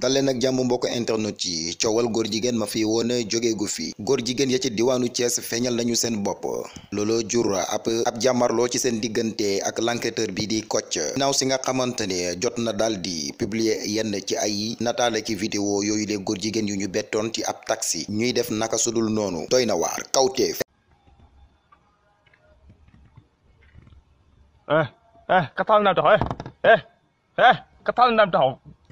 dalee nag jàmm mbokk internet yi coowal góor jigéen ma fi woon jóge gu fi góor jigéen ya ci diwaanu cees feeñal nañu seen bopp looloo jur ab ab jàmmarloo ci seen diggante ak l'enquêteur bi di Kocc ginnaaw si nga xamante ne jot na daal di publier yenn ci ay nataale ki vidéo yooyu lee góor jigéen yu ñu bettoon ci ab taxi ñuy def naka sudul noonu doy na waar kawteef eh, eh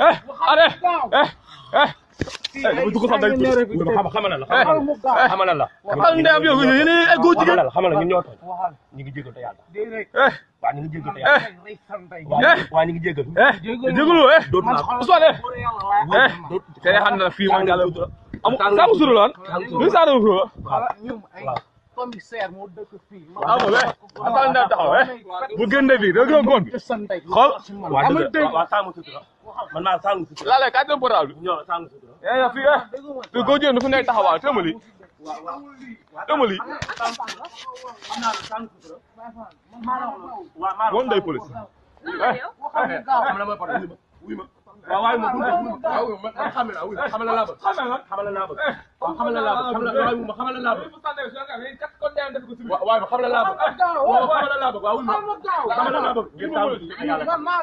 eh allez eh eh. dama dugg sax dañ ko xamal la xamal la. xamal ndeyam yow yéen ay góor jigéen xamal la xamal la ñun ñoo tooñ ñu ngi jégal te yàlla. waa ñu ngi jégal te yàlla. waa ñu ngi jégal. jégalu eh. Ousmane eh. te xam na fii man yàlla amul saa mu suru la woon. saa mu suru la. commissaire moo dëkk fii. waaw waaw waaw taxaw bu génne bi rek la góor bi. xool waaw dëgg waaw saa mu sutura. man maa saa mu sutura. laalee kaa dem portable bi. ñoo saa mu sutura. yaa fi eh. fi góor jigéen fu nekk taxawaa tëmali. tëmali. woon day police. waaw waaye ma xamal la laa bëgg. xamal la laa bëgg. waaw xamal la laa bëgg xamal la laa bëgg waaw xamal la laa bëgg waaw xamal la laa bëgg waaw xamal la laa bëgg waaw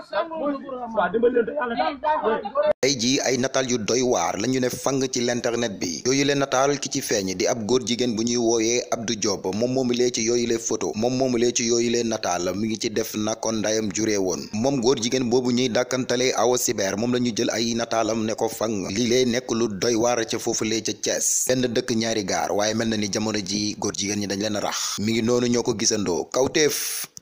xamal la laa bëgg tey jii ay nataal yu doy waar lañu ne fang ci l'internet bi yooyu leen nataal ki ci feeñ di ab góor jigéen bu ñuy wooyee du Diop moom moomu lee ci yooyu lee foto moom moomu lee ci yooyu lee nataal mi ngi ci def na ko ndayam juree woon moom góor jigéen boobu ñuy dàkkantalee Awa sibeer moom la ñu jël ay nataalam ne ko fang li lee nekk lu doy waar ca foofu lee ca Thiès benn dëkk ñaari gaar waaye mel na ni jamono ji góor jigéen ñi dañ leen rax mi ngi noonu ñoo ko gisandoo kawteef